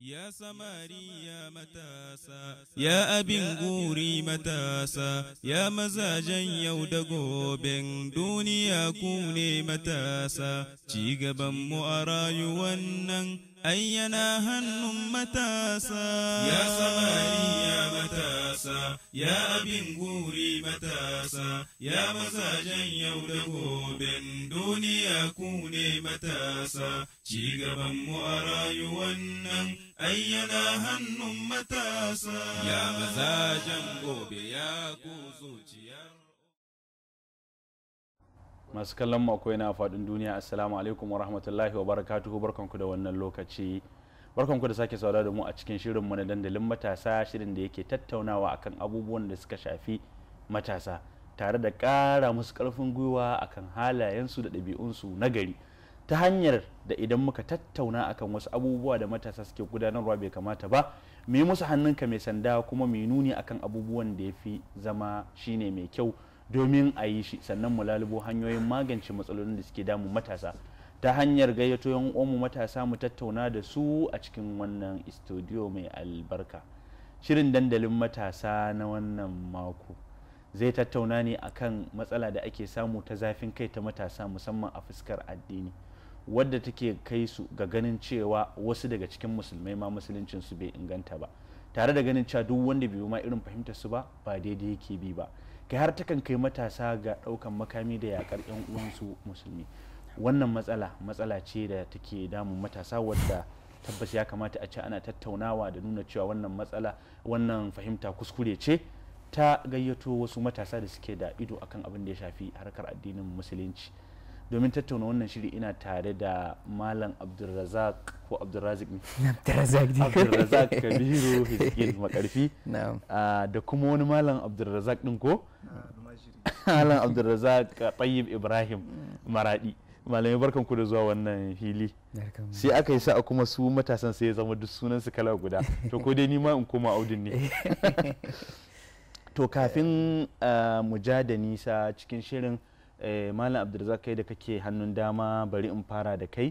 Ya samariya matasa, ya abin guri matasa, ya mazajen yau da goben duniya ku ne matasa, mu a rayuwan nan ayyana hannun matasa ya samariya matasa ya abin guri matasa ya mazajen yau da goben duniya ku ne matasa ci gaban mu a rayu nan ayyana hannun matasa ya mazajen gobe ya ku zuciyar masu kallon mu akwai na faɗin duniya assalamu alaikum wa rahmatullahi wa barakatuhu barkanku da wannan lokaci barkanku da sake saurara da mu a cikin shirin mu na dandalin matasa shirin da yake tattaunawa akan abubuwan da suka shafi matasa tare da ƙara musu ƙarfin gwiwa akan halayensu da ɗabi'unsu na gari ta hanyar da idan muka tattauna akan wasu abubuwa da matasa suke gudanarwa bai kamata ba mu yi musu hannunka mai sanda kuma mu nuni akan abubuwan da ya fi zama shine mai kyau domin a yi shi sannan mu lalubo hanyoyin magance matsalolin da suke damu matasa ta hanyar gayyato yan uwanmu matasa mu tattauna da su a cikin wannan studio mai albarka shirin dandalin matasa na wannan mako zai tattauna ne akan matsala da ake samu ta zafin kai ta matasa musamman a fuskar addini wadda take kai su ga ganin cewa wasu daga cikin musulmai ma musuluncin su bai inganta ba tare da ganin cewa duk wanda bai ma irin fahimtar su ba ba daidai yake bi ba kai har takan kai matasa ga ɗaukan makami da yakar 'yan uwansu musulmi wannan matsala matsala ce da take damun matasa wadda tabbas ya kamata a ce ana tattaunawa da nuna cewa wannan matsala wannan fahimta kuskure ce ta gayyato wasu matasa da suke da ido akan abin da ya shafi harkar addinin musulunci domin tattauna wannan shiri ina tare da malam abdulrazak ko abdulrazik ne abdulrazak kabiru hiskin makarfi ah, da kuma wani malam abdulrazak din ko malam abdulrazak tayyib ibrahim maradi malamai barkan ku da zuwa wannan hili sai aka yi sa'a kuma su matasan sai ya zama duk sunan su kala guda to ko dai ni ma in koma audin ne to kafin ah, mu ja da nisa cikin shirin Eh, malam abdulrazak kai da kake hannun dama bari in fara da kai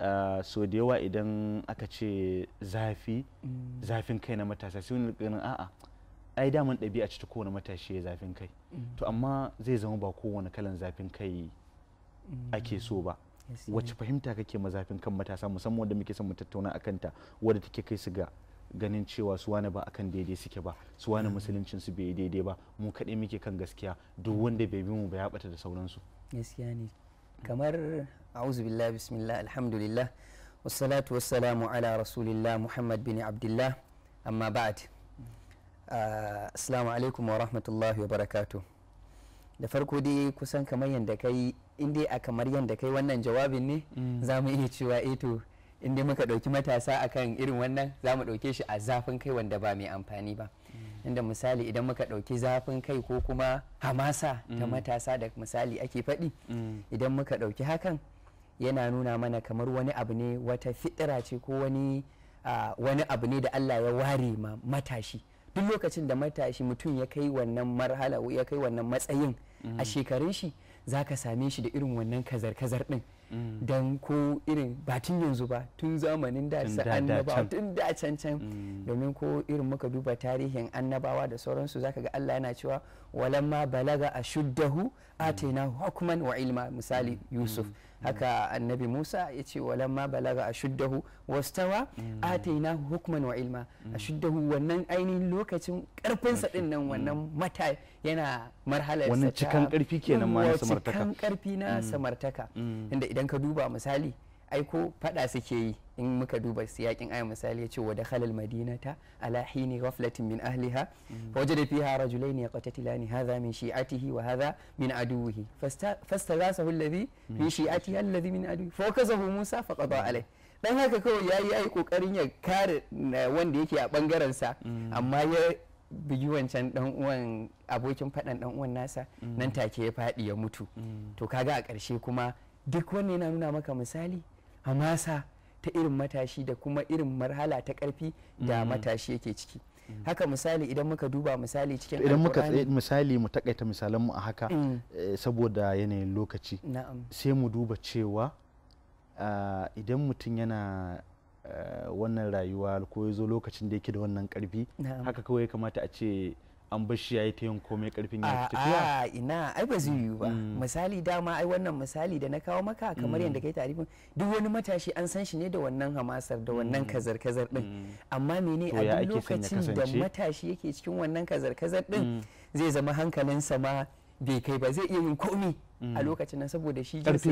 ah, so da yawa idan aka ce zafi mm. zafin kai na matasa sai wani ganin a'a ai daman ɗabi'a a cikin kowane matashi ya zafin kai mm. to amma zai zama ba kowane kalan zafin kai mm. ake so ba wacce eh. fahimta kake ma zafin kan matasa musamman wanda muke son mu tattauna a kanta wadda take kai su ga ganin cewa su wani ba kan daidai suke ba su wani mm. musuluncin su bai daidai ba mu kaɗai muke kan gaskiya duk wanda bai bi mu ba ya bata da sauransu gaskiya ne kamar a'udhu billahi bismillah alhamdulillah wassalatu wassalamu ala rasulillah muhammad bin abdullah amma ba'd ah, assalamu alaikum wa rahmatullahi wa da farko dai kusan kamar yadda kai in dai a kamar yadda kai wannan jawabin ne mm. za mu iya cewa eto eh in inda muka ɗauki matasa a kan irin wannan za mu ɗauke shi a zafin kai wanda ba mai amfani ba mm. inda misali idan muka ɗauki zafin kai ko kuma hamasa ta mm. matasa da misali ake faɗi mm. idan muka ɗauki hakan yana nuna mana kamar wani abu ne wata fitira ce ko wani abu ne da Allah ya ware ma matashi duk lokacin da matashi mutum ya kai wannan marhala ya kai wannan matsayin a shekarun shi zaka same shi da irin wannan kazar-kazar din Mm. don ko irin ba tun yanzu ba tun zamanin da su annaba tun da can can mm. domin ko irin muka duba tarihin annabawa da sauransu zaka ga Allah yana cewa walamma balaga a shuddahu atena mm. hukman wa ilma misali Yusuf haka annabi Musa ya ce walamma balaga a shuddahu wastawa atina hukman wa ilma a shuddahu wannan ainihin lokacin karfinsa din nan wannan mata yana marhalarsa wannan cikan karfi kenan ma samartaka cikan karfi na samartaka inda idan ka duba misali ai ko fada suke yi in muka duba siyakin aya misali ya ce wa dakhala madinata ala hini ghaflatin min ahliha mm. fa wajada fiha rajulayn yaqtatilani hadha min shi'atihi wa hadha min aduwihi fastaghasahu alladhi min shi'atihi alladhi min aduwihi fa kazahu musa fa qada mm. alayhi dan haka kawai yayi ai kokarin ya kare wanda yake a bangaren sa mm. amma ya bigi wancan dan uwan abokin fadan dan uwan nasa nan take ya fadi ya mutu to kaga a ƙarshe kuma duk wanne na nuna maka misali hamasa ta irin matashi da kuma irin marhala ta karfi da mm. matashi yake ciki mm. haka misali idan muka duba misali cikin idan muka misali mu takaita misalan mu a haka mm. eh, saboda yanayin lokaci sai mu duba cewa ah, idan mutum yana eh, wannan rayuwa ko ya zo lokacin da yake da wannan karfi haka kawai ya kamata a ce an bar shi yayi ta yin komai karfin ya tafiya a ina ai ba zai yiwu ba mm. misali dama ai wannan misali da na kawo maka kamar yadda mm. kai tarifin duk wani matashi an san shi ne da wannan hamasar da wannan mm. kazar kazar din amma mene a duk lokacin da matashi yake cikin wannan kazar kazar din zai zama hankalinsa ma bai kai ba zai iya yin komi Mm. a lokacin nan saboda shi jinsa shi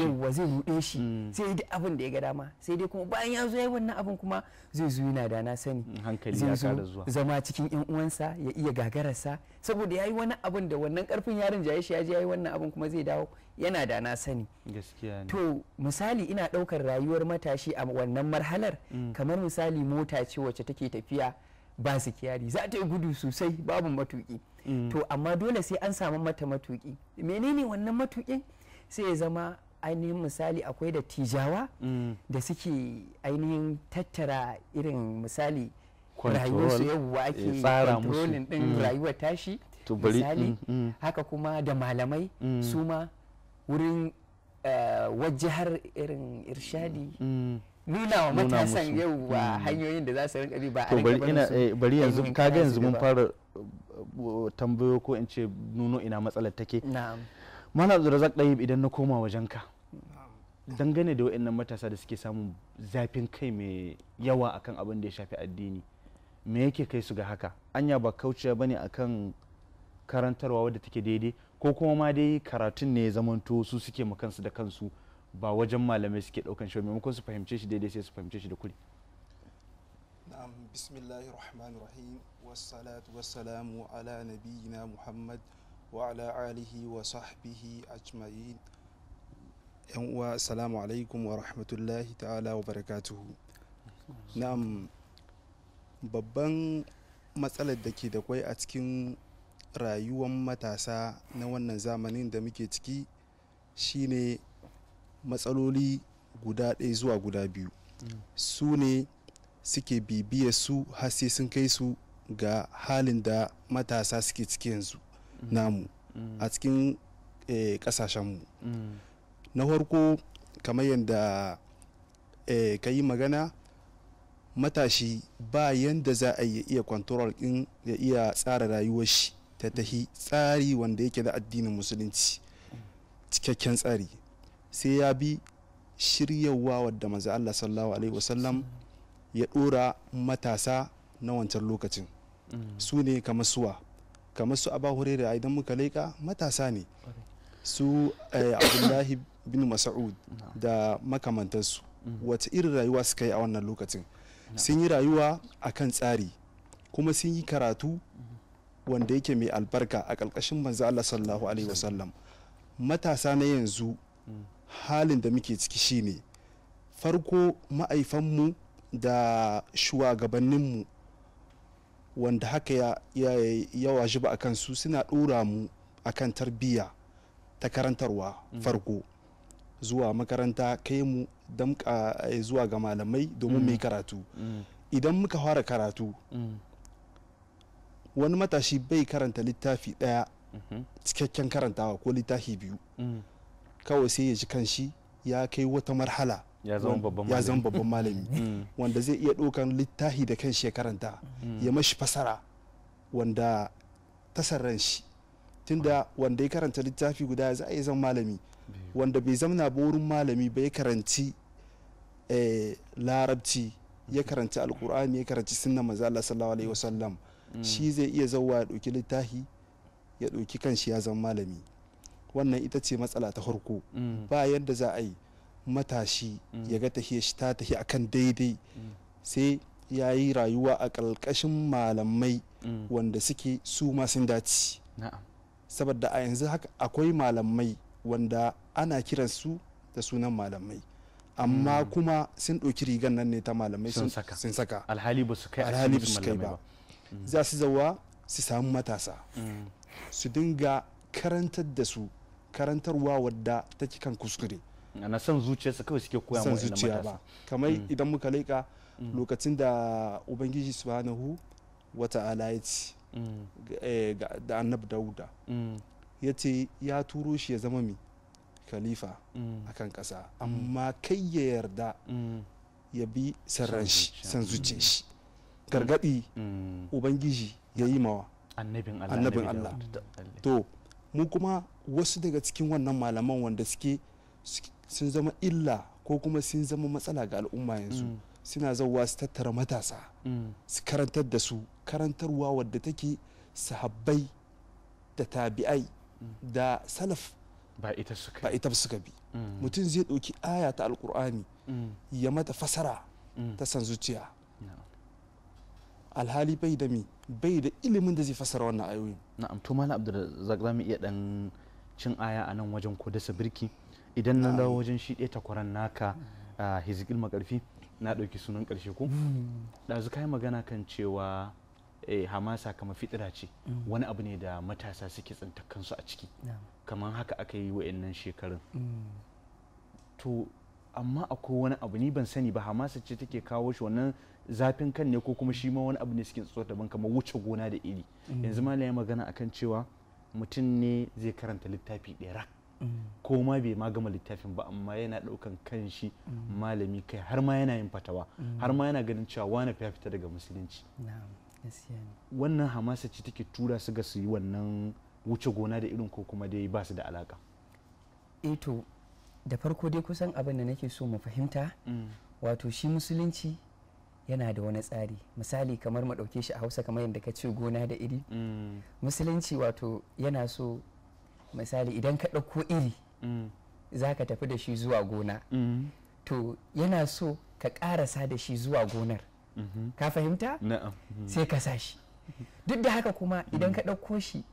yawwa zai ruɗe shi mm. sai dai abin da ya ga dama sai dai kuma bayan ya zo ya wannan abin kuma zai zo yana da na sani mm, zai zo zama cikin yan uwansa ya iya gagararsa saboda ya yi wani abin da wannan karfin yarin jaye shi ya ji ya yi wannan abin kuma zai dawo yana da na sani to misali ina ɗaukar rayuwar matashi a wannan marhalar kamar misali mota ce wacce take tafiya ba su kyari za ta yi gudu sosai babu matuki Mm. to amma dole sai an samu mata matuki menene wannan matukin sai ya zama ainihin misali akwai da tijawa mm. da suke ainihin tattara irin misali rayuwarsu yawwa eh, ake kontrolin din mm. rayuwar tashi misali haka kuma da malamai su ma wurin eh, wajihar irin irshadi nuna wa matasan yau ba hanyoyin da za su rinka bi ba a rinka eh, bari yanzu kaga yanzu mun fara tambayo ko in ce nuno ina matsalar take mana razak ɗayib idan na koma wajenka dangane da wa'annan matasa da suke samun zafin kai mai yawa akan abin da ya shafi addini me yake kai su ga haka anya ba kauciya bane akan karantarwa wadda take daidai ko kuma ma dai karatun ne ya zamanto su suke ma kansu da kansu ba wajen malamai suke daukan shi maimakon su fahimce shi daidai sai su fahimce shi da kuri نعم بسم الله الرحمن muhammad والصلاة والسلام على نبينا محمد وعلى آله وصحبه أجمعين السلام عليكم ورحمة الله تعالى وبركاته نعم babban matsalar da ke da kwai a cikin rayuwar matasa na wannan zamanin da muke ciki shine matsaloli guda ɗaya zuwa guda biyu mm. su ne suke bibiya su har sai sun kai su ga halin da matasa suke ciki yanzu namu a cikin kasashenmu eh, na farko kamar yadda eh, ka yi magana matashi ba yanda za a iya control in ya iya tsara rayuwar shi ta tahi tsari wanda yake da addinin musulunci cikakken tsari sai ya bi shiryawa wadda manzo Allah sallallahu alaihi wasallam ya ɗora matasa na wancan lokacin mm. su ne kamar suwa kamar su aba hurera idan muka laika matasa ne su eh, abdullahi bin mas'ud da makamantarsu mm. wata irin rayuwa suka yi a wannan lokacin sun yi rayuwa a kan tsari kuma sun yi karatu mm. wanda yake mai albarka a ƙarƙashin manzo Allah sallallahu alaihi wasallam matasa na yanzu halin da muke ciki shine farko ma'aifanmu da shugabanninmu wanda haka ya, ya, ya ba a kansu suna ɗora mu a kan tarbiyya ta karantarwa mm. farko zuwa makaranta kai mu damka eh, zuwa ga malamai domin mai mm. karatu mm. idan muka fara karatu wani matashi bai karanta littafi ɗaya mm-hmm. cikakken karantawa ko littafi biyu kawai sai ya ji kanshi ya kai wata marhala ya zama babban malami mm. wanda zai iya ɗaukan littafi da kan shekaranta mm. ya mashi fasara wanda tasarran shi tunda mm. wanda ya karanta littafi guda za a yi zama malami wanda bai zamana ba wurin malami ba ya karanci eh, larabci ya karanci alkur'ani ya karanci sunna maza Allah sallallahu alaihi wasallam shi zai iya zauwa ya ɗauki littafi ya ɗauki kanshi ya zama malami wannan ita ce matsala ta farko ba yadda za a yi matashi mm. ya ga tahiya shi ta a akan daidai mm. sai ya yi rayuwa a ƙarƙashin malamai mm. wanda suke su masu dace saboda a yanzu haka akwai malamai wanda ana kiransu da sunan malamai amma kuma sun ɗauki rigan nan ne ta malamai sun saka alhali ba su kai ba za su zawa su samu matasa su dinga karantar da su karantarwa wadda ta kan kuskure na san zuciyarsa kawai suke koya mu zuciya ba kamar mm. idan muka leƙa mm. lokacin da ubangiji subhanahu wata'ala ya ce mm. eh, da annab dauda ya ce ya turo shi ya zama mai khalifa a kan ƙasa amma kai ya yarda ya bi sarran shi san zuciyar shi gargaɗi ubangiji ya yi mawa annabin allah to mu kuma wasu daga cikin wannan malaman wanda suke sun zama illa ko kuma sun zama matsala ga al'umma yanzu mm. suna zauwa su tattara matasa mm. su karantar da su karantarwa wadda take sahabbai da tabi'ai mm. da salaf ba ita suka bi mutum zai ɗauki aya ta alkur'ani ya mata fasara ta san zuciya alhali bai da mi bai da ilimin da zai fasara wannan ayoyin na'am to malam za iya dan cin aya a nan wajen ko dasa birki idan na dawo wajen shi ɗaya takwaran naka a hizikil makarfi na ɗauki sunan ƙarshe ko hmm. ɗazu kai magana kan cewa eh, hamasa kama fitira ce hmm. wani abu ne da matasa suke tsinta kansu a ciki kamar haka aka yi wa nan shekarun hmm. to amma akwai wani abu ni ban sani ba hamasa ce take kawo shi wannan zafin kan ne ko kuma shi ma wani abu ne suke tsotsa daban kamar wuce gona da iri yanzu ma na yi magana akan cewa mutum ne zai karanta littafi ɗaya rak ko ma bai ma gama littafin ba amma yana daukan kanshi malami kai har ma yana yin fatawa har ma yana ganin cewa wani ya fita daga musulunci wannan hamasa ce take tura su ga su yi wannan wuce gona da irin ko kuma dai ba su da alaka eto eh da farko dai kusan abin da nake so mu fahimta mm. wato shi musulunci yana da wani tsari misali kamar mu ɗauke shi a hausa kamar yadda ka ce gona da iri mm. musulunci wato yana so misali idan ka ɗauko iri mm. za ka tafi da shi zuwa gona mm. to yana so ka ƙarasa da shi zuwa gonar mm-hmm. ka fahimta mm. sai ka sa shi duk da haka kuma idan ka ɗauko shi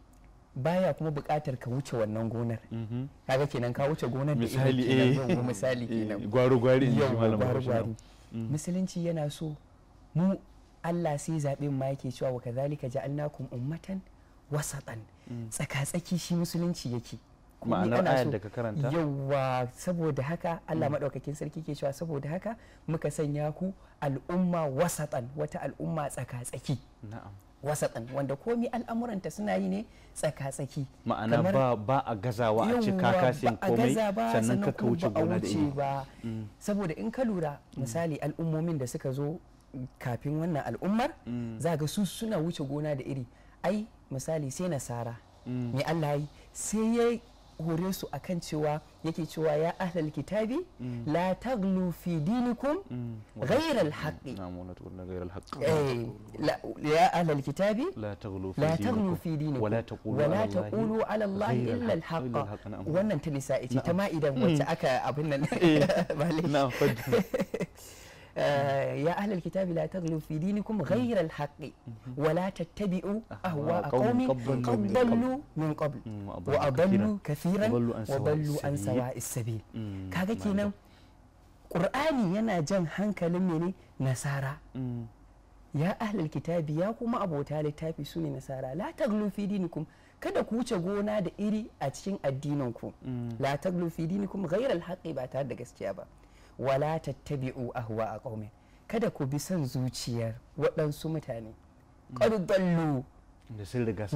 baya kuma buƙatar ka wuce wannan gonar mm-hmm. kaga kenan ka wuce gonar da misali kenan eh. misali eh, kenan gwari in musulunci yana so mu Allah sai zaɓe ma yake cewa wa kazalika ja'alnakum ummatan wasaɗan tsaka-tsaki shi musulunci yake ma'anar ayar da ka karanta yawa saboda haka Allah maɗaukakin sarki ke cewa saboda haka muka sanya ku al'umma wasaɗan wata al'umma tsaka-tsaki na'am wasaɗan wanda komi al'amuranta suna yi ne tsaka-tsaki ma'ana ba, ba a gazawa a ci kakasin komai sannan ka wuce gona da ba mm. saboda in ka lura mm. misali al'ummomin da suka zo kafin wannan al'ummar mm. za ga su suna wuce gona da iri ai misali sai nasara mai mm. Allah yi sai ya hore su akan cewa yake cewa ya ahlal kitabi mm. la taglu fi dinikum mm. ghayra al-haqqi eh, ya ahlal kitabi la taglu fi dinikum wa la taqulu ala Allah illa al-haqq wannan ta nisa ce ta ma'idan wacce aka abin nan eh. Na ya ahlal kitabi لا تغلوا في دينكم غير الحق ولا wa la tattabi'u قد ضلوا من قبل وأضلوا كثيرا wa عن سواء wa dallu an sawa'is kenan نسارا yana jan hankalin يا nasara ya ahlal kitabi ya kuma abota littafi su ne nasara la kada ku wuce gona da iri a cikin addinin la taglu fi dinikum ghayra alhaqi ba tare da gaskiya ba wala tattabi'u ahwa a ƙaume kada ku bi son zuciyar waɗansu mutane qad dallu wanda sun riga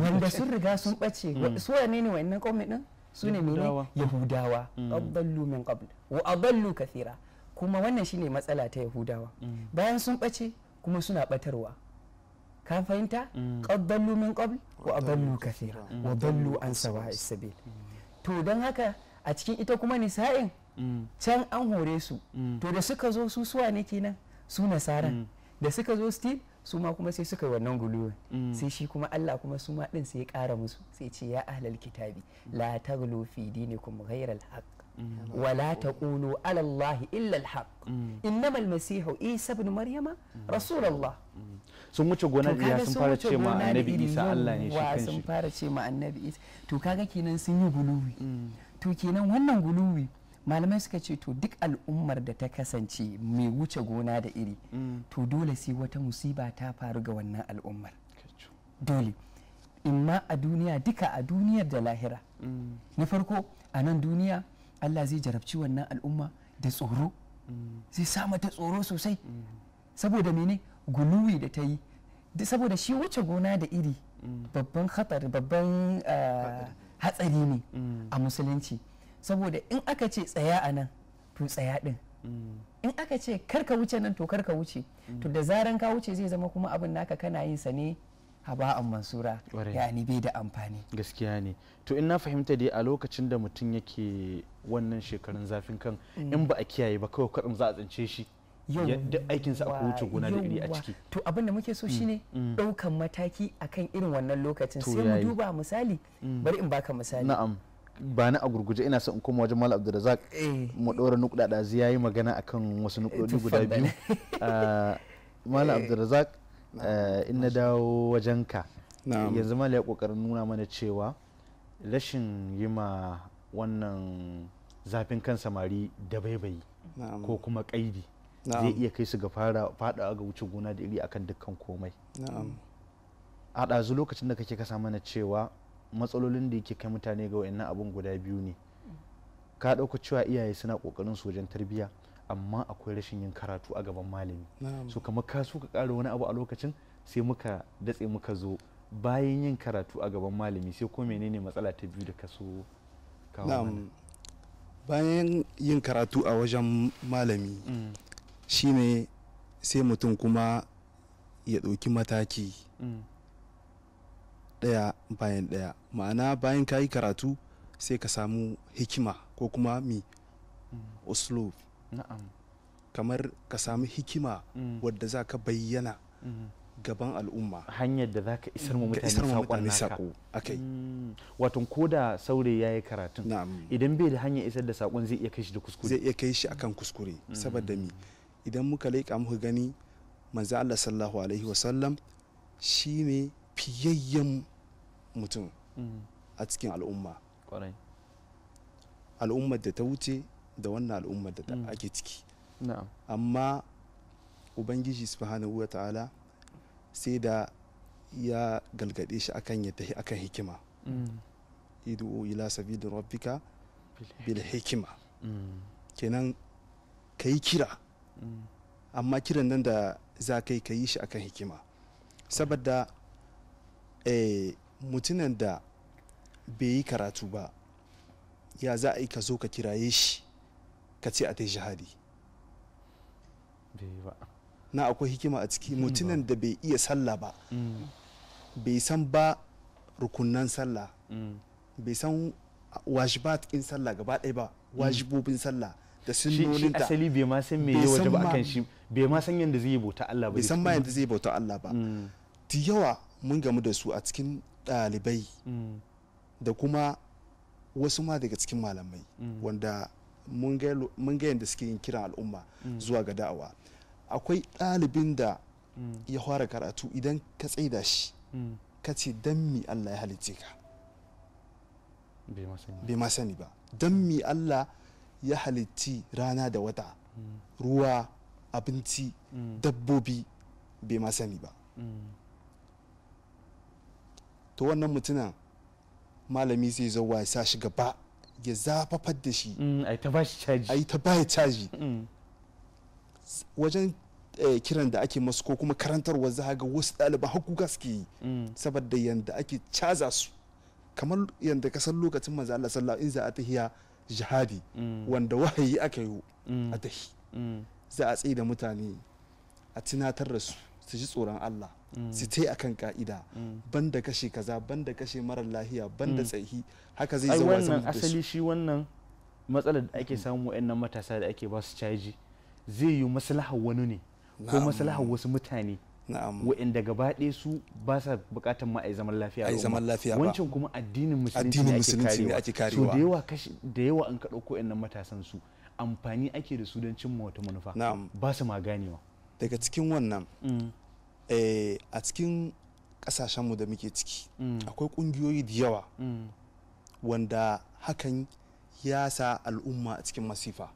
sun ɓace mm. su wane ne wannan ƙaume din su ne mene yahudawa mm. qad min ƙabl wa adallu kathira kuma wannan shine matsala ta yahudawa mm. bayan sun ɓace kuma suna ɓatarwa ka fahimta qad dallu min ƙabl wa adallu kathira wa dallu an sawa sabil to don haka a cikin ita kuma nisa'in Mm. can an hore su mm. to da suka zo su suwa ne kenan su nasaran mm. da suka zo steve su ma kuma sai suka yi wannan guluwa sai shi kuma Allah kuma su ma din sai ya kara musu sai ce ya ahlal kitabi la taghlu fi dinikum ghayra al-haq wa la taqulu ala Allah illa al haqq innama al-masih Isa ibn Maryama allah sun wuce gona ya sun fara ce ma annabi Isa Allah ne shi kanshi sun fara ce ma annabi Isa to kaga kenan sun yi guluwi to kenan wannan guluwi malamai suka ce to duk al'ummar da ta kasance mai wuce gona da iri mm. to dole sai wata musiba ta faru ga wannan al'ummar dole imma a duniya duka a duniyar da lahira mm. na farko a nan duniya allah zai jarabci wannan al'umma da tsoro mm. zai sa mata tsoro sosai saboda mene guluwi da ta yi saboda shi wuce gona da iri babban eh, hatsari ne a musulunci saboda in aka ce tsaya a nan to tsaya din mm. in aka ce karka wuce nan to karka wuce mm. to da zaran ka wuce zai zama kuma abin naka kana yin sa ne haba'an mansura ni bai da amfani gaskiya ne to in na fahimta dai a lokacin da mutum yake wannan shekarun zafin kan mm. in ba a kiyaye ba kawai kwaɗin za a tsince shi duk sa akwai wuce gona da iri a ciki to abin da muke so shine ɗaukan mataki akan irin wannan lokacin sai mu duba misali bari in baka misali na'am ba ni a gurguje ina son in koma wajen Malam Abdulrazak eh. mu dora nukuda da ziya yi magana akan wasu eh, nukudodi guda biyu ah, Malam eh. Abdulrazak in na dawo wajen ka yanzu Malam ya kokarin nuna mana cewa rashin yi ma wannan zafin kan samari da baibayi ko kuma kaidi zai iya kai su ga fara fada ga wuce gona da iri akan dukkan komai a lokacin da kake kasa mana cewa matsalolin da yake kai mutane ga wayannan abun guda biyu ne ka ɗauka cewa iyaye suna kokarin su wajen tarbiyya amma akwai rashin yin karatu a gaban malami so kamar ka so ka ƙara wani abu a lokacin sai muka datse muka zo bayan yin karatu a gaban malami sai ko menene matsala ta biyu da ka so kawo bayan yin karatu a wajen malami mm. shine sai mutum kuma ya ɗauki mataki mm. ɗaya bayan ɗaya ma'ana bayan ka yi karatu sai ka samu hikima ko kuma mi oslo mm. kamar ka samu hikima mm. wadda za ka bayyana mm-hmm. gaban al'umma hanyar da za ka isar mu mutane saƙo sako akai mm. wato ko da saurayi yi karatun idan bai da hanyar isar da saƙon zai iya kai shi da kuskure zai iya kai shi akan kuskure mm-hmm. saboda mi idan muka leƙa muka gani manzo Allah sallallahu alaihi wasallam shine fiyayyen mutum mm. a cikin al'umma al'ummar da ta wuce da wannan al'ummar da mm. ake ciki amma ubangiji subhanahu wa ta'ala sai da ya galgade shi akan ya tafi akan hikima mm. idu ila sabidin rabbika bil hikima kenan ka yi kira amma kiran nan da za ka yi ka yi shi akan hikima saboda eh, mutumin da bai yi karatu ba ya za a yi ka zo ka kiraye shi ka ce a ta jihadi na akwai hikima a ciki mutumin da bai iya sallah ba mm. bai san ba rukunan sallah mm. bai san wajibat in sallah gaba ɗaya ba mm. wajibobin sallah da sunnoninta ta asali bai ma san me ya ba akan shi bai ma san yadda zai bauta Allah ba bai san ma yadda zai bauta Allah ba ti yawa mun gamu da su a cikin ɗalibai mm. da kuma wasu ma daga cikin malamai mm. wanda mun ga yadda suke yin kiran al'umma mm. zuwa ga da'awa akwai ɗalibin da ya fara karatu idan ka tsaida shi ka ce don mi Allah ya halitte ka bai ma sani ba don mi Allah ya halitti rana da wata ruwa abinci dabbobi bai ma sani ba to wannan mutumin malami zai zo ya sa shi gaba ya zafafar da shi mm, a yi ta ba caji mm. wajen eh, kiran da ake masu ko kuma karantarwa za ga wasu ɗaliban hakuka suke yi mm. saboda yadda ake caza su kamar yadda ka san lokacin maza Allah sallallahu in za a tahiya jihadi wanda wahayi aka yi a tahi za a tsaye da mutane a tunatar da su su ji tsoron Allah su a kan ka'ida ban da kashe kaza ban da kashe marar lahiya ban da mm. tsaihi haka zai zama wannan asali shi wannan matsalar da ake mm. samu wa'annan matasa da ake ba su caji zai yi maslahar wani ne ko maslahar wasu mutane wa'inda gaba ɗaya su ba sa buƙatar ma a yi zaman lafiya a zaman lafiya wancan kuma addinin musulunci ne ake karewa so da yawa da yawa an ka ɗauko wa'annan matasan su amfani ake da su don cimma wata manufa ba su ma ganewa daga cikin wannan mm. Eh, a cikin kasashenmu da muke ciki mm. akwai kungiyoyi da yawa mm. wanda hakan ya sa al'umma a cikin masifa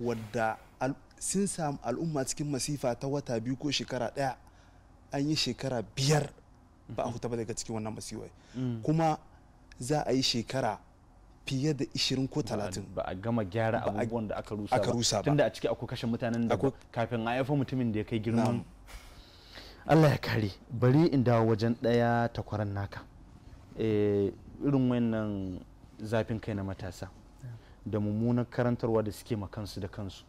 wadda sun samu al'umma cikin masifa ta wata biyu ko shekara daya an yi shekara biyar ba a mm-hmm. huta ba daga cikin wannan masifai mm. kuma za a yi shekara fiye da 20 ko 30 ba a gama gyara abubuwan da aka rusa ba tunda a ciki akwai kashe mutanen da kafin a yafa mutumin da ya kai girman allah ya kare bari in dawo wajen ɗaya takwaran naka eh, irin wannan zafin kai na matasa da mummunan karantarwa da suke ma kansu da kansu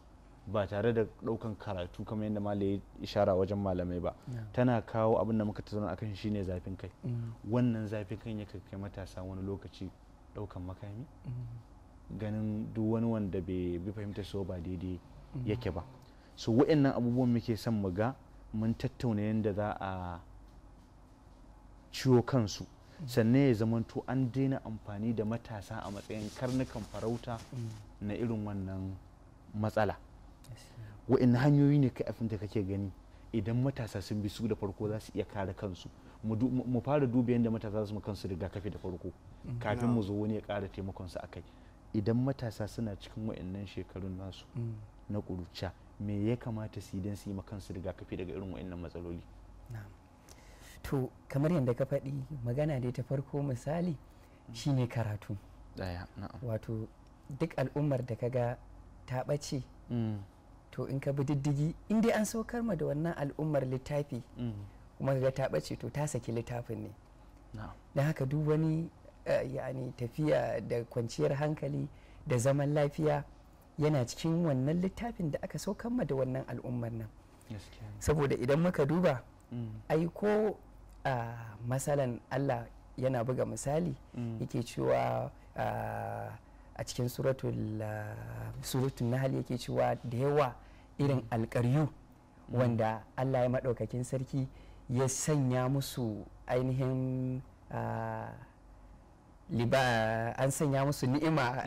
ba tare da ɗaukan karatu kamar yadda malai ishara wajen malamai ba tana kawo abin da muka tattauna akan shine zafin kai mm. wannan zafin kan ya kai matasa wani lokaci ɗaukan makami mm. ganin duk wani wanda bai bi fahimta so ba daidai mm. yake ba so wa'annan abubuwan muke son mu ga mun tattauna yadda za a ciwo kansu sannan ya zamanto an daina amfani da matasa a matsayin karnukan farauta mm. na irin wannan matsala wa'in hanyoyi ne kafin da kake gani idan matasa sun bi su da farko za su iya kare kansu mu fara duba yadda matasa su kansu rigakafi da farko mm. kafin mu zo wani ya kara taimakon su kai idan matasa suna cikin wa'annan shekarun nasu mm. na ƙuruciya me ya kamata su don su yi makansu rigakafi daga irin wa'annan matsaloli to kamar yadda ka faɗi magana dai ta farko misali shine karatu wato duk al'ummar da ka ga ta ɓace mm. to in ka bi diddigi in dai an saukar ma da wannan al'ummar littafi mm. kuma ga ta ɓace to ta saki littafin ne don haka duk wani eh, yani tafiya da kwanciyar hankali da zaman lafiya yana cikin wannan littafin da aka saukan da wannan al'ummar nan saboda idan muka duba mm. ai ko a matsalan allah yana buga misali mm. yake cewa a cikin suratun nahal yake cewa da yawa irin mm. alkaryu wanda allah ya maɗaukakin sarki ya sanya musu ainihin an sanya musu ni'ima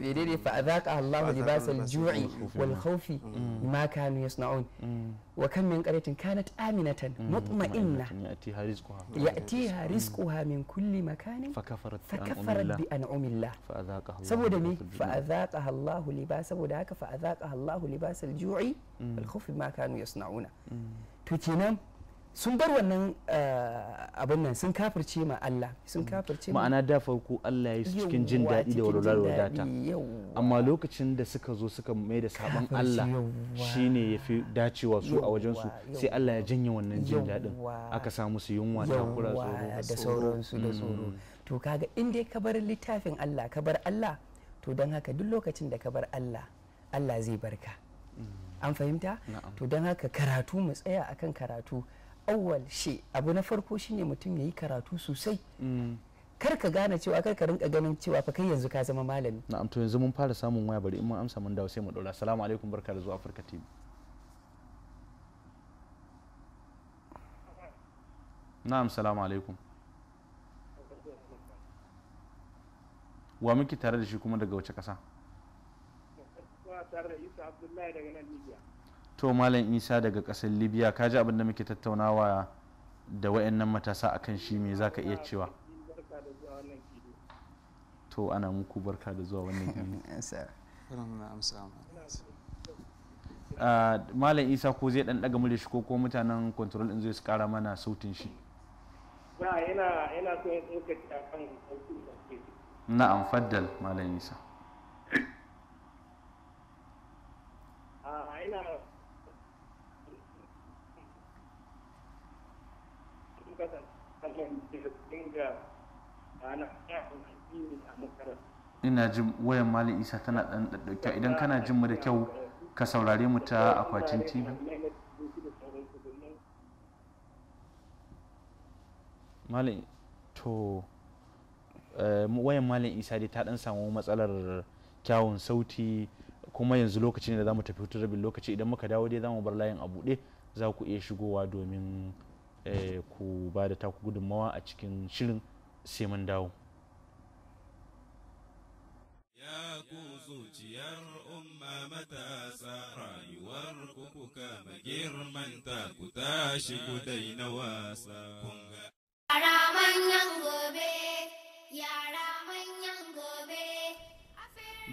daidai fa azaka Allahu libasal ju'i wal khawfi ma kanu yasna'un wa kam min qaryatin kanat aminatan mutma'inna ya'tiha rizquha min kulli makanin fakafarat bi an'amillah saboda me fa azaka Allahu libas saboda haka fa azaka Allahu libasal ju'i wal khawfi ma kanu sun bar wannan eh, abin nan sun kafirce ma Allah sun kafirce ma'ana da farko Allah ya su cikin jin daɗi da walwalar wadata amma lokacin da suka zo suka mai da sabon Allah shine ya fi dacewa su a wajen su sai Allah ya janye wannan jin daɗin aka samu su yunwa takura da sauransu da tsoro mm. to kaga in dai ka bar littafin Allah ka bar Allah to don haka duk lokacin da ka bar Allah Allah zai barka mm. an fahimta to don haka karatu mu tsaya akan karatu awwal shi abu na farko shine mutum ya yi karatu sosai mm. kar ka gane cewa kar ka rinka ganin cewa fa kai yanzu ka zama malami na'am to yanzu mun fara samun waya bari in mun amsa mun dawo sai mu dora assalamu alaikum barka da zuwa Afirka TV na'am salamu alaikum wa muke tare da shi kuma daga wace kasa tare da Isa Abdullahi daga to malam isa daga ƙasar libya ka ji abin da muke tattaunawa da wayannan matasa akan shi me za ka iya cewa to ana muku barka da zuwa wannan gini ah, malam isa ko zai dan daga murya shi ko ko mutanen control in zai su kara mana sautin shi na yana yana so ya tsoka tsokaci kan sautin da na'am faddal malam isa ah, ina ina jin wayan malam isa tana dan daddauka idan kana jin mu da kyau ka saurare mu ta akwatin tv malin to eh, wayan malam isa dai ta dan samu matsalar kyawun sauti kuma yanzu lokaci ne da za mu tafi hutun rabin lokaci idan muka dawo dai za mu bar layin a buɗe za ku iya shigowa domin Eh, ku ba da taku gudunmawa a cikin shirin sai mun dawo ya ku zuciyar umma matasa rayuwar ku kama girmanta ku tashi ku daina wasa yara manyan gobe yara manyan gobe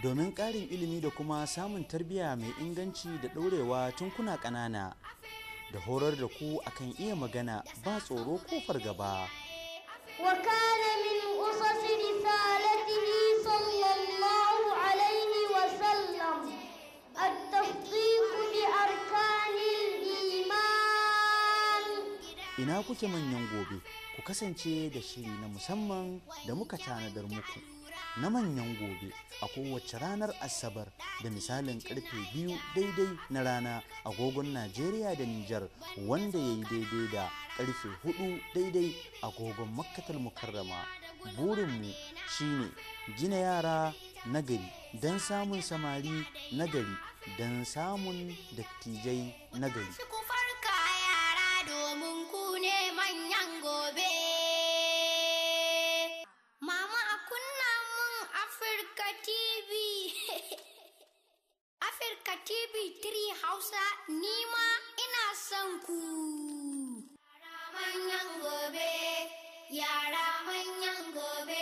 domin ƙarin ilimi da kuma samun tarbiyya mai inganci da ɗorewa tun kuna ƙanana da horar da ku akan iya magana ba tsoro ko fargaba. وكان من alaihi رسالته صلى الله عليه وسلم التصديق بأركان الإيمان Ina kuke manyan gobe, ku kasance da shiri na musamman da muka tanadar muku. na manyan gobe a kowace ranar asabar da misalin karfe biyu daidai na rana agogon najeriya da nijar wanda ya yi daidai da karfe hudu daidai agogon makkatar mukarrama burinmu shine gina yara nagari don samun samari nagari don samun dattijai nagari Afirka TV 3 Hausa nima ina son ku. Yara manyan gobe,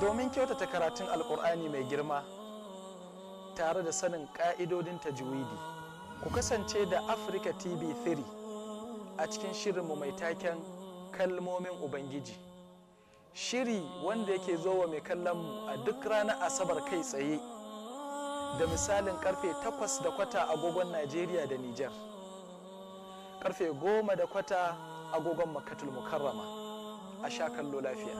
Domin kyautata karatun Alƙur'ani mai girma tare da sanin ƙa'idodin tajwidi, ku kasance da Afirka TV 3 a cikin shirinmu mai taken kalmomin Ubangiji. shiri wanda yake zo wa mai kallon mu a duk ranar asabar kai tsaye da misalin karfe takwas da kwata agogon najeriya da nijar karfe goma da kwata agogon makatul mukarrama a sha kallo lafiya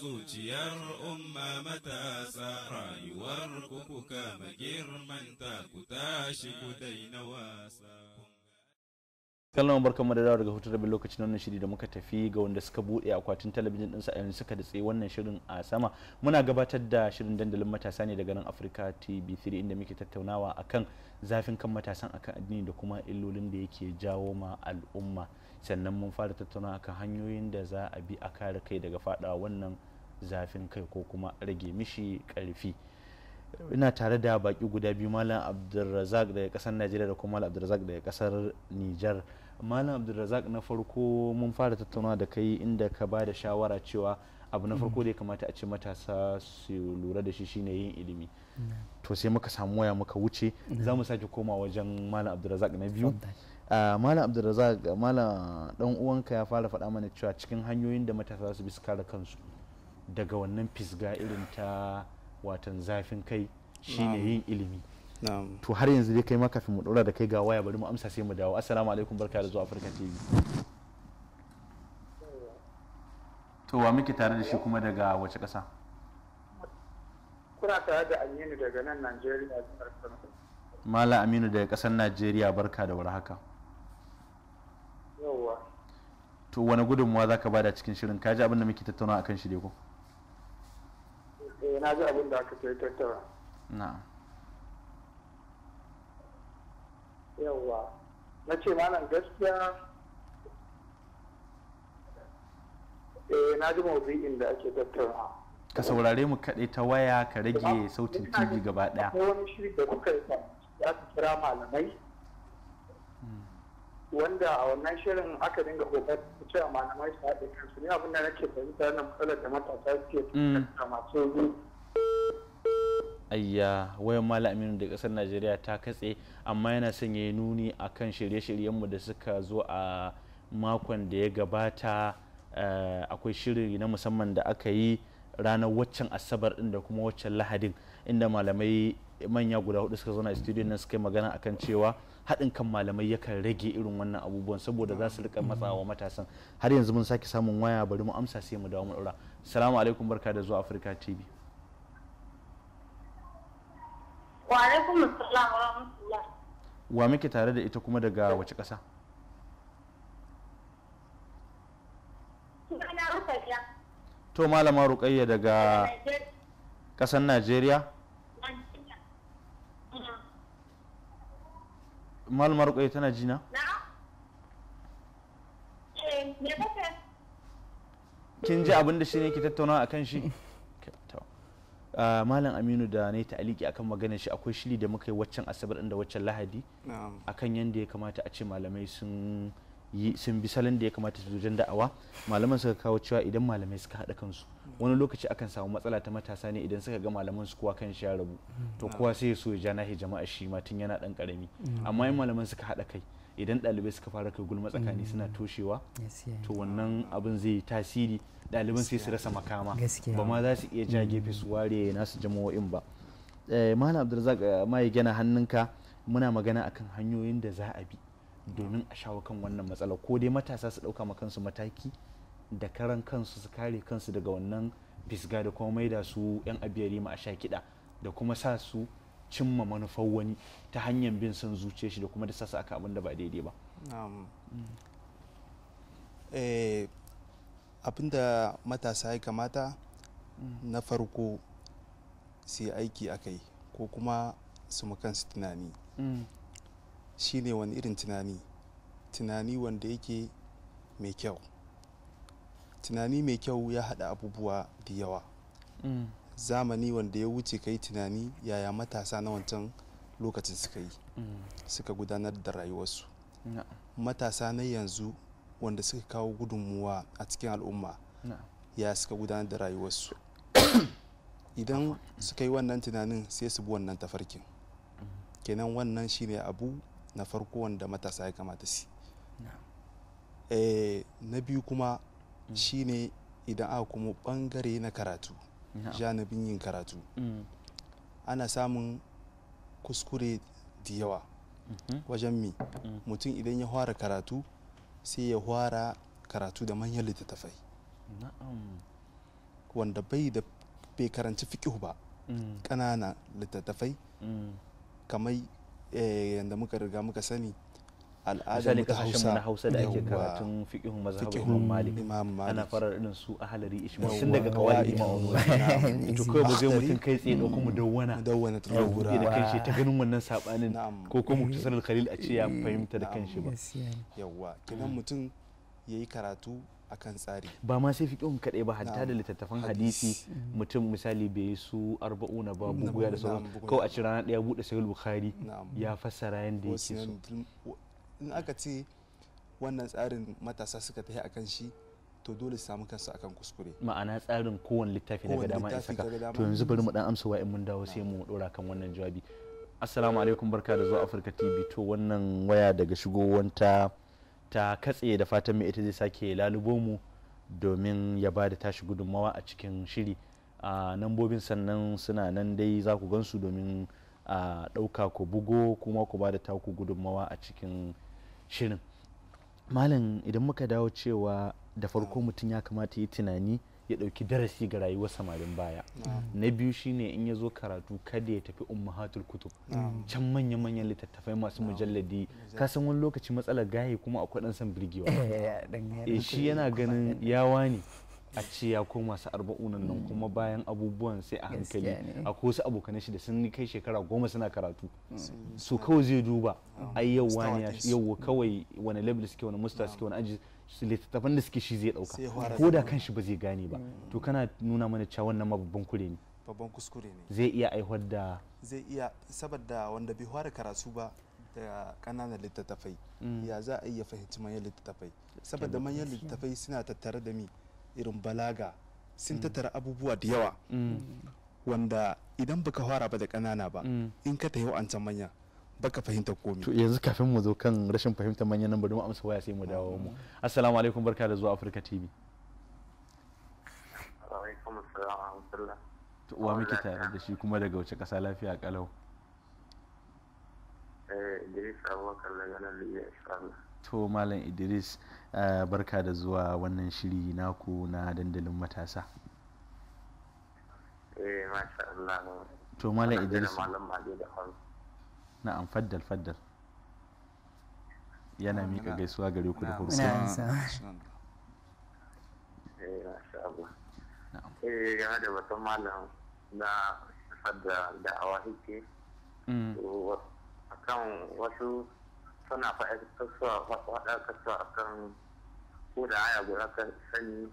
zuciyar umma matasa rayuwar ku kuka magirmanta ku tashi ku daina wasa. kallon barkan mu da dawo daga hutu rabin lokacin wannan shiri da muka tafi ga wanda suka buɗe akwatin talabijin ɗinsa a yanzu suka datse wannan shirin a sama muna gabatar da shirin dandalin matasa ne daga nan afirka tv3 inda muke tattaunawa akan zafin kan matasan akan addini da kuma illolin da yake jawo ma al'umma sannan mun fara tattauna akan hanyoyin da za a bi a kare kai daga fadawa wannan zafin kai ko kuma rage mishi karfi. ina tare da baki guda biyu malam abdulrazak daga kasar najeriya da kuma malam abdulrazak daga kasar nijar malam abdulrazak na farko mun fara tattaunawa da kai inda ka ba da shawara cewa abu na farko da ya kamata a ce matasa su lura da shi shine yin ilimi to sai muka samu waya muka wuce za mu sake koma wajen malam abdulrazak na biyu ah, malam abdulrazak malam dan uwanka ya fara faɗa mana cewa cikin hanyoyin da matasa su bi su kare kansu daga wannan fisga irin ta watan zafin kai shine yin ilimi to har yanzu dai kai ma kafin mu daura da kai ga waya bari mu amsa sai mu dawo assalamu alaikum barka da zuwa afirka tv to wa muke tare da shi kuma daga wace ƙasa kuna tare da aminu daga nan najeriya mala aminu daga ƙasar najeriya barka da warhaka yawwa to wani gudunmuwa za ka bada cikin shirin kaji abin da muke tattauna akan shi dai ko Eh, na ji da aka eh, ka saurare mu kaɗai ta waya ka rage sautin tv gaba ɗaya kira wanda a wannan shirin aka dinga kokarin cewa malamai su haɗe kansu ne abin da nake fahimta na matsalar da matasa suke mm. tattara masu ayya wayan mala aminu da kasar najeriya ta katse amma yana son ya yi nuni a kan shirye-shiryenmu da suka zo a makon da ya gabata eh, akwai shiri na musamman da aka yi ranar waccan asabar din da kuma waccan lahadin inda malamai manya guda hudu suka zauna a studio nan suka yi magana akan cewa haɗin kan malamai yakan rage irin wannan abubuwan saboda za su rika matsawa matasan har yanzu mun sake samun waya bari mu amsa sai mu dawo mu daura salamu alaikum barka da zuwa afirka tv wa assalam wa rahmatullah wa muke tare da ita kuma daga wace ƙasa to malama Rukayya daga ƙasar najeriya malama Rukayya tana jina eh, kin ji abin da shi ne ke tattauna a kan shi Uh, malam aminu da na yi ta'aliki akan maganar shi akwai shiri da muka yi waccan asabar da waccan lahadi akan yadda ya kamata a ce malamai sun yi sun bi salon da ya kamata su wajen da'awa malaman suka kawo cewa idan malamai suka haɗa kansu wani lokaci akan samu matsala ta matasa ne idan suka ga malaman su kowa kan shi ya rabu to kowa sai ya so ya ja nahi jama'a shi ma tun yana ɗan ƙarami mm. amma in malaman suka haɗa kai idan ɗalibai suka fara kai gulma tsakani mm. suna toshewa to wannan abin zai yi tasiri ɗaliban sai su rasa makama ba ma za su iya ja gefe su mm. ware nasu jama'o'in ba eh, malam abdulrazak eh, mai gana hannunka muna magana akan hanyoyin da za a bi domin a shawo kan wannan matsala ko dai matasa su ɗauka ma kansu mataki da karan kansu su kare kansu daga wannan fisga da kuma maida su 'yan abiyari ma a sha kiɗa da kuma sa su cimma manufar wani ta hanyar bin son zuciyar shi da kuma da sasa aka abin da ba daidai ba mm. eh, abinda matasa ya kamata mm. na farko su aiki a kai ko kuma su kansu tunani mm. Shi ne wani irin tunani tunani wanda yake mai kyau tunani mai kyau ya haɗa abubuwa da yawa zamani wanda ya wuce ka yi tunani yaya matasa na wancan lokacin suka yi suka gudanar da rayuwarsu matasa na yanzu wanda suka kawo gudunmuwa a cikin al'umma ya suka gudanar da rayuwarsu idan suka yi wannan tunanin sai su bi wannan tafarkin mm-hmm. kenan wannan shine abu na farko wanda matasa ya kamata su eh, na biyu kuma mm. shine idan aka kuma bangare na karatu janibin yin karatu mm. ana samun kuskure da yawa mm-hmm. wajen mi mm. mutum idan ya fara karatu sai ya fara karatu da manyan littattafai wanda bai da bai karanci fiƙihu ba mm. ƙanana littattafai kamar eh, yadda muka riga muka sani al'adar ta hausa na hausa da ake karatun fiqhun mazhabin imam malik ana farar irin su ahlari ishmael tun daga kawai imam malik to kai mu zai mutun kai tsaye ko mu dawwana dawwana ta dawura da kanshi ta ganin wannan sabanin ko ko muktasar al-khalil a ce ya eh, fahimta da kanshi ba yawa kinan mutun yayi karatu akan tsari ba ma sai fiqhun kadai ba hatta da littattafan hadisi mm. mutum misali bai yi su arba'una ba buguya da sauran kawai a ci rana daya bude sahih bukhari ya fassara yanda yake so in aka ce wannan tsarin matasa suka tafi akan shi to dole su samu kansu akan kuskure ma'ana tsarin kowane littafi na gada ma saka to yanzu bari mu dan amsa wa'in mun dawo sai mu dora kan wannan jawabi assalamu alaikum barka da zuwa afirka tv to wannan waya daga shigo wanta ta katse da fatan mai ita zai sake lalubo mu domin ya ba da tashi gudunmawa a cikin shiri a nambobin sannan suna nan dai za ku gansu domin a ɗauka ku bugo kuma ku ba da taku gudunmawa a cikin shirin malam idan muka dawo cewa da farko mutum ya kamata yi tunani ya dauki darasi ga rayuwar samarin baya na biyu shine in ya zo karatu kada ya tafi ummahatul kutub can manya-manyan littattafai masu mujalladi kasan wani lokaci matsalar gaye kuma akwai ɗan san birgewa eh, shi yana ganin yawa ne a ce ya koma su arba'unan nan mm. kuma bayan abubuwan sai a hankali a ko su abokanai shi da sun kai shekara goma suna karatu mm. su kawai zai duba oh. ai yau wani yau kawai wani level suke wani musta oh. suke wani aji su littattafan da suke shi zai dauka ko da kanshi ba zai gane ba mm. to kana nuna mana cewa wannan ma babban kure ne babban kuskure ne zai iya aihuwar da zai iya saboda wanda bai fara karatu ba da kananan littattafai ya za a iya fahimci manyan littattafai saboda manyan littattafai suna tattare da mi irin balaga sun mm. tattara abubuwa da yawa mm. wanda idan baka fara ba da ƙanana ba mm. in ka ta an can manya baka fahimta komi to yanzu kafin mu zo kan rashin fahimtar manyan nan bari mu amsa waya sai mu dawo mu assalamu alaikum barka da zuwa Afirka TV wa muke tare da shi kuma daga wace kasa lafiya kalau eh, Idris Abubakar daga nan Libya Islam to malam Idris Eh, barka da zuwa wannan shiri naku na dandalin matasa eh, to mala Idris faddal yana mika gaisuwa gare ku da eh, na fadda da'awa mm. wasu suna faɗa kasuwa a kan ko da aya guda ka sani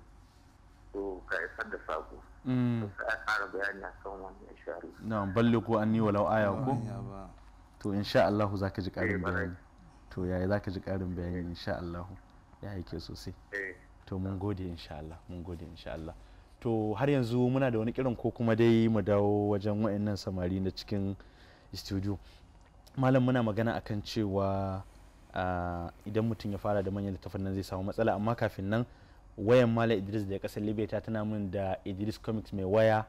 to ka isar da sako. Mm. Sai a ƙara bayani a kan wannan insha Allah. Na balle ko an ni walau aya ko? To insha Allah za ka ji ƙarin eh, bayani. To yaya za ka ji ƙarin bayani eh. insha Allah ya yake sosai. Eh. To mun gode insha Allah mun gode insha Allah. To har yanzu muna da wani kiran ko kuma dai mu dawo wajen nan samari na cikin studio. malam muna magana akan cewa ah, idan mutum ya fara da manyan littafin nan zai samu matsala amma kafin nan wayan malam idris da ya kasar libya ta tana min da idris comics mai waya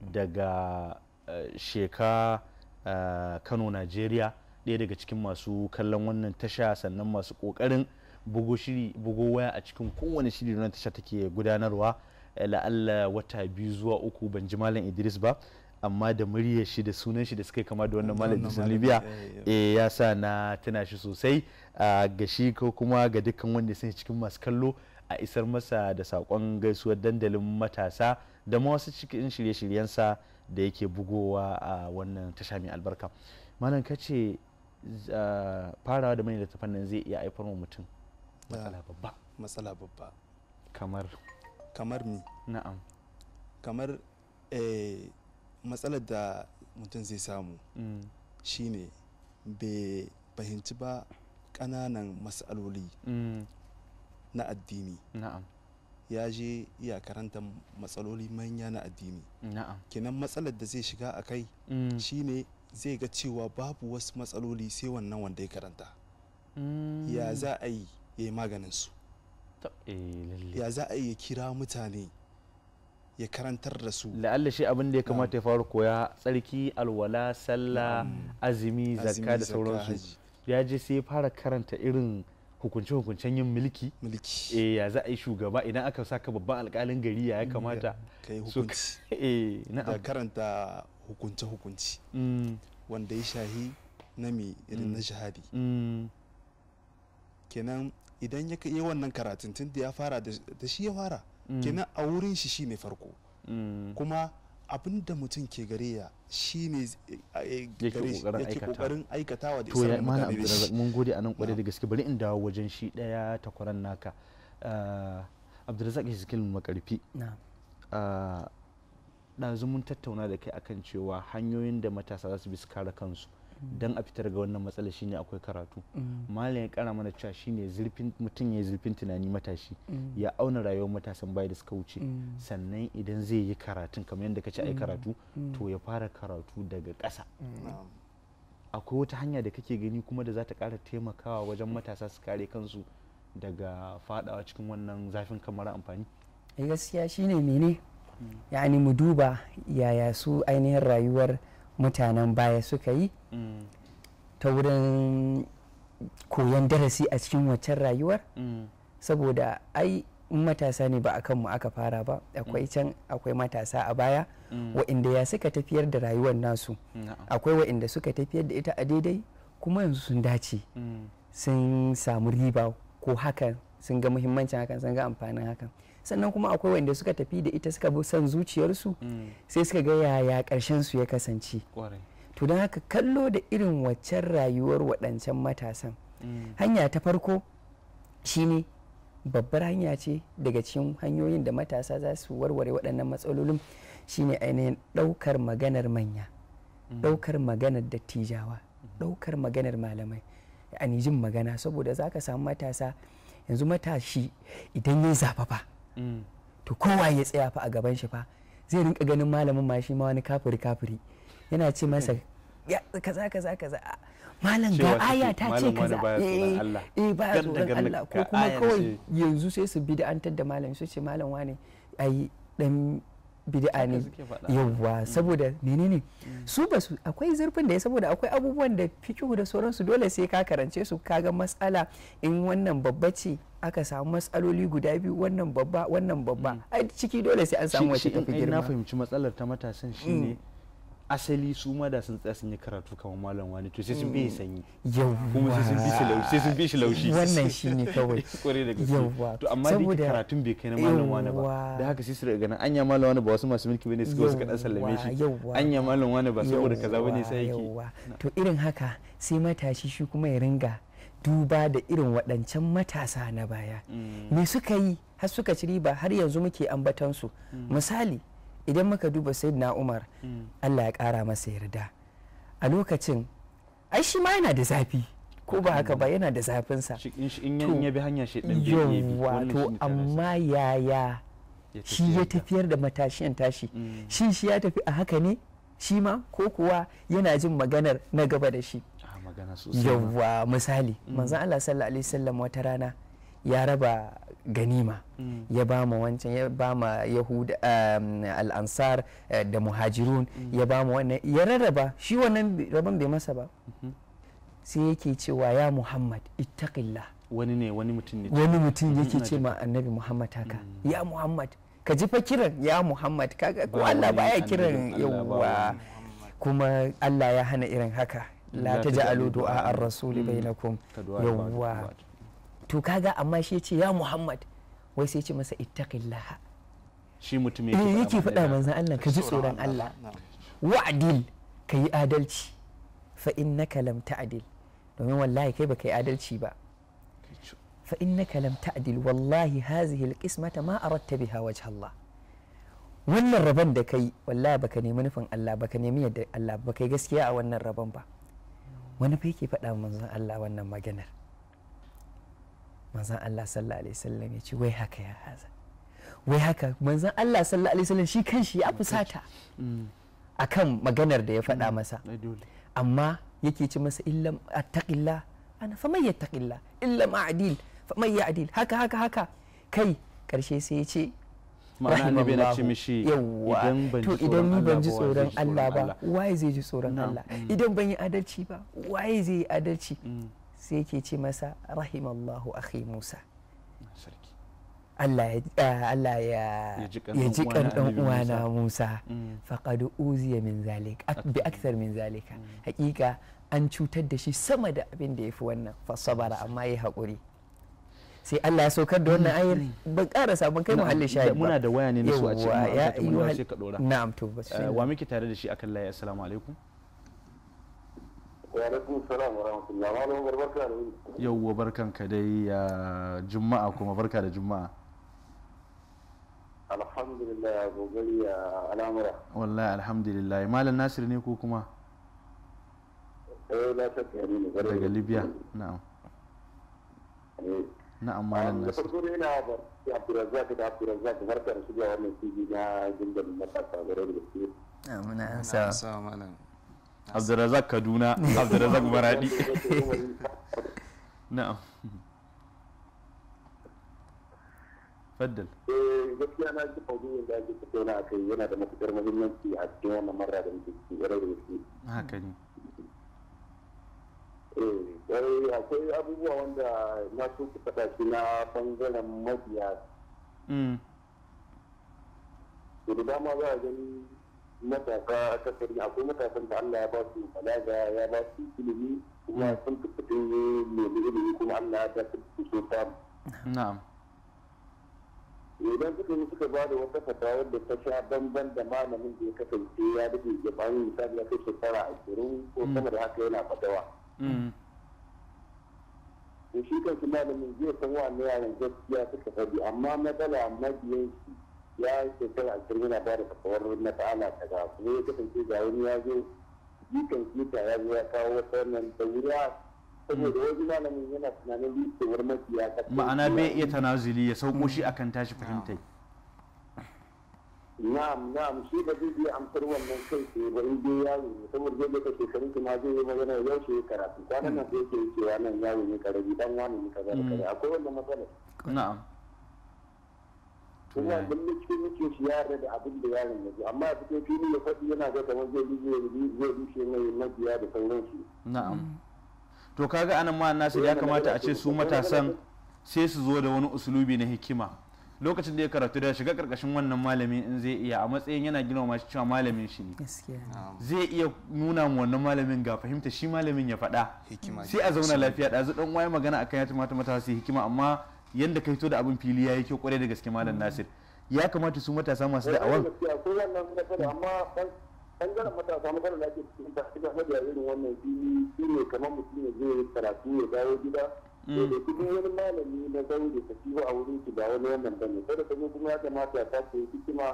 daga eh, sheka ah, kano nigeria ɗaya daga cikin masu kallon wannan tasha sannan masu kokarin bugo shiri bugo waya a cikin kowane shiri na tasha take gudanarwa eh, la'alla wata biyu zuwa uku ban ji malam idris ba amma da muryar shi da sunan shi da suka kama da wannan malam Idris Libya eh, eh, eh. eh ya sa na tana shi sosai ga shi ko kuma ga dukkan wanda sun cikin masu kallo a isar masa da saƙon gaisuwar dandalin matasa da ma wasu cikin shirye-shiryensa da yake bugowa a wannan tasha mai albarka malam ka ce farawa da mai da nan zai iya haifar wa mutum matsala ah, babba matsala babba kamar kamar mi na'am kamar eh matsalar da mutum zai samu mm. shine bai fahimci ba ƙananan matsaloli mm. na addini ya je iya karanta matsaloli manya na addini kenan matsalar da zai shiga a kai mm. shine zai ga cewa babu wasu matsaloli sai wannan wanda ya karanta ya za a yi ya yi maganinsu eh, ya za a yi ya kira mutane ya karantar da su la'alla shi abin da ya kamata ya faru koya tsarki alwala sallah azumi zakka da sauransu ya je sai ya fara karanta irin hukunce-hukuncen yin mulki mulki eh ya za a yi shugaba idan aka saka babban alkalin gari ya kamata kai hukunci eh da karanta hukunce-hukunci mm. wanda ya shahi na me irin na shahadi mm. mm. kenan idan ya yi wannan karatun tun da ya fara da shi ya fara kenan a wurin shi shine farko kuma abin da mutum ke gare ya eh, shi ne yake kokarin aikatawa da isa mutane da shi mun gode anan kwarai da gaske bari in dawo wajen shi daya takwaran naka ah, abdulrazak hizkil makarfi ah, ɗazu mun tattauna da kai akan cewa hanyoyin da matasa za su bi su kare kansu don a fitar ga wannan matsala shine akwai karatu mm. malam ya kara mana cewa shine zurfin mutum ya yi zurfin tunani matashi mm. ya auna rayuwar matasan baya da suka wuce mm. sannan idan zai yi karatun kamar yadda kace ai karatu to ya fara karatu daga ƙasa akwai wata hanya da kake gani kuma da za ta ƙara taimakawa wajen matasa su kare kansu daga fadawa cikin wannan zafin kamar amfani eh, gaskiya shine mene yani mu duba yaya su ainihin rayuwar mutanen baya suka yi ta wurin koyon darasi a cikin waccan rayuwar saboda ai matasa ne ba a kanmu aka fara ba akwai can akwai matasa a baya wa'inda ya suka tafiyar da rayuwar nasu akwai wa'inda suka tafiyar da ita a daidai kuma yanzu sun dace mm. sun samu riba ko hakan sun ga muhimmancin hakan sun ga amfanin hakan sannan kuma akwai wanda suka tafi da ita suka bi son zuciyarsu mm. sai suka ga yaya karshen su ya kasance to don haka kallo da irin waccan rayuwar waɗancan matasan mm. hanya ta farko shine babbar hanya ce daga cikin hanyoyin da matasa za su warware waɗannan matsalolin shine ainihin ɗaukar maganar manya mm. ɗaukar maganar dattijawa ɗaukar maganar malamai a jin magana saboda za ka samu matasa yanzu matashi idan ya zafafa to kowa ya tsaya fa a gaban shi fa zai rinka ganin malamin ma shi ma wani kafiri kafiri yana ce masa kaza kaza kaza malam ga aya ta ce kaza eh eh ba ya da Allah ko kuma kawai yanzu sai su bid'antar da malami su ce malam wane ai dan bid'a ne yawwa mm. saboda menene mm. su ba su akwai zurfin da ya saboda akwai abubuwan da fikihu da sauransu dole sai ka karance su kaga matsala in wannan babba ce aka samu matsaloli guda biyu wannan babba wannan babba mm. a ciki dole sai an samu wacce tafi girma na fahimci matsalar ta matasan shine asali su ma da sun tsaya sun yi karatu kamar malam wani to sai sun bi sanyi kuma sai sun bi shi laushi wannan shi ne kawai kware da gaske to amma da yake karatun bai kai na malam wani ba da haka sai su daga ganin anya malam wani ba wasu masu mulki bane suka wasu kadan sallame shi anya malam wani ba saboda kaza bane sai yake to irin haka sai matashi shi kuma ya ringa duba da irin waɗancan matasa na baya mm. me suka yi har suka ci riba har yanzu muke ambatan su mm. misali idan muka duba na umar hmm. allah ya kara masa yarda a lokacin ai shi ma yana da zafi ko ba haka ba yana da zafin sa in ya bi hanya shi to amma yaya shi ya tafiyar da matashiyan tashi hmm. shi shi ya tafi a haka ne shi ma ko kuwa yana jin maganar na gaba da shi ah, yawwa misali hmm. manzon Allah sallallahu alaihi wasallam wata rana ya raba ganima mm. ya ba mu wancan ya ba ma yahuda al'ansar eh, da muhajirun mm. ya ba mu wannan ya rarraba shi wannan rabon bai masa ba mm-hmm. sai yake cewa ya muhammad ittaqillah wani ne wani mutum ne wani mutum mm-hmm. yake ce ma annabi muhammad haka mm. ya muhammad ka ji fa kiran ya muhammad kaga ko Allah baya kiran yawwa kuma Allah ya hana irin haka la taj'alu du'a ar-rasul bainakum yawwa to kaga amma shi ce ya muhammad wai sai ce masa ittaqillaha shi mutum yake eh, faɗa manzan Allah ka ji tsoron Allah wa'adil ka yi adalci fa innaka lam ta'dil domin wallahi kai baka yi adalci ba fa innaka lam ta'dil wallahi hazihi alqismata ma aradta biha wajen Allah wannan rabon da kai wallahi baka nemi nufin Allah baka nemi yadda Allah baka yi gaskiya a wannan rabon ba wani fa yake faɗa manzon Allah wannan maganar manzan Allah sallallahu alaihi wasallam ya ce wai haka ya haza wai haka manzan Allah sallallahu alaihi wasallam shi kanshi ya fusata mm. akan maganar da ya faɗa mm. masa amma yake ci masa illam attaqilla ana fa man yattaqilla illam a'dil fa man ya'dil haka haka haka kai karshe sai ya ce ma'ana ne bai mishi idan to idan ni ban ji tsoron Allah ba waye zai ji tsoron Allah mm. idan ban yi adalci ba waye zai yi adalci sai yake ce masa rahim Allahu akhi musa Allah eh, ya ji kan dan uwana Musa mm. faqad uziya min zalika. bi aksar min zalika mm. hakika an cutar da shi sama da abin da fi wannan fasabara amma ya haƙuri. sai Allah ya saukar da wannan ayar ban ƙara sabon kai muhalli shayi ba. muna da waya ne na su a cikin ya yi na'am to eh, wa muke tare da shi akan laye assalamu alaikum Walaikun barkan ka dai ya juma'a kuma barka da juma'a. Alhamdulillah ya gogari ya al'amura. Wallahi alhamdulillah. Malam Nasir ne ko kuma? Eh, na daga Libya. Na'am. Eh. Na'am malam Nasir. Da farko ba da barka da wannan na matasa da sa. malam. abdurazak kaduna abdurazak maradi na'am faddal eh, gaskiya na ji faɗin da ake tattauna a kai yana da matuƙar muhimmanci a cikin wannan marra da muke ciki da gaske haka ne eh akwai abubuwa wanda na so ki faɗa shi na bangaren mabiya mm. da dama za a gani matasa kasari akwai matasan da Allah ya ba su balaga ya ba su ilimi kuma hmm. sun tafi ne da ilimi kuma Allah ya ta su so samu. Na'am. Idan suka yi suka bada wata fatawar da ta sha banban da malamin da ya kasance ya dade ya bayi misali ya kai shekara ashirin ko hmm. sama da haka yana fatawa. Hmm. To shi kansu malamin zai san ne yaran gaskiya suka faɗi amma matsala mabiyan shi ya yi shekara ashirin yana ba da kafawar na ta'ala ta ga kuma ya kasance ga wani ya zo jikan kita ya zo ya kawo wata wannan da wuriya saboda hmm. wajen malamin yana tunanin mafi ya kasance ma'ana bai iya tanazuli ya sauko shi hmm. akan tashi fahimtai na'am na'am shi ba zai iya amsar wannan kai ke ba in dai yaro ne saboda zai daga shekarun ki ma zai yi magana yau shi ya karatu kwanan nan hmm. sai yake cewa nan yaro ne karabi dan wani ne kaza da kaza akwai wannan matsalar na'am kuma mun ne cikin muke shi ya da abin da yaron ya ji amma a cikin fili ya faɗi yana ga kamar zai bi zai bi shi mai mabiya da sauransu na'am mm. to kaga anan ma nasu ya kamata a ce su matasan sai su zo da wani usulubi na hikima lokacin da ya karatu da shiga karkashin wannan malami in zai iya a matsayin yana gina wa cewa malamin shi ne zai iya nuna mu wannan malamin ga fahimta shi malamin ya faɗa sai a zauna lafiya ɗazu ɗan waye magana akan ya tumata mata su hikima amma yanda ka fito da abin fili ya yi kyau kwarai da gaske malam mm. nasir ya kamata su matasa masu da'awan gara matasa magana da ake cikin ta ita da irin wannan fili shi ne kamar mutum ya zai karatu ya dawo gida mm. da kuma wani malami na zai da tafi a wurin shi ba wani wannan bane sai da kaje kuma ya kamata ya tashi ya hikima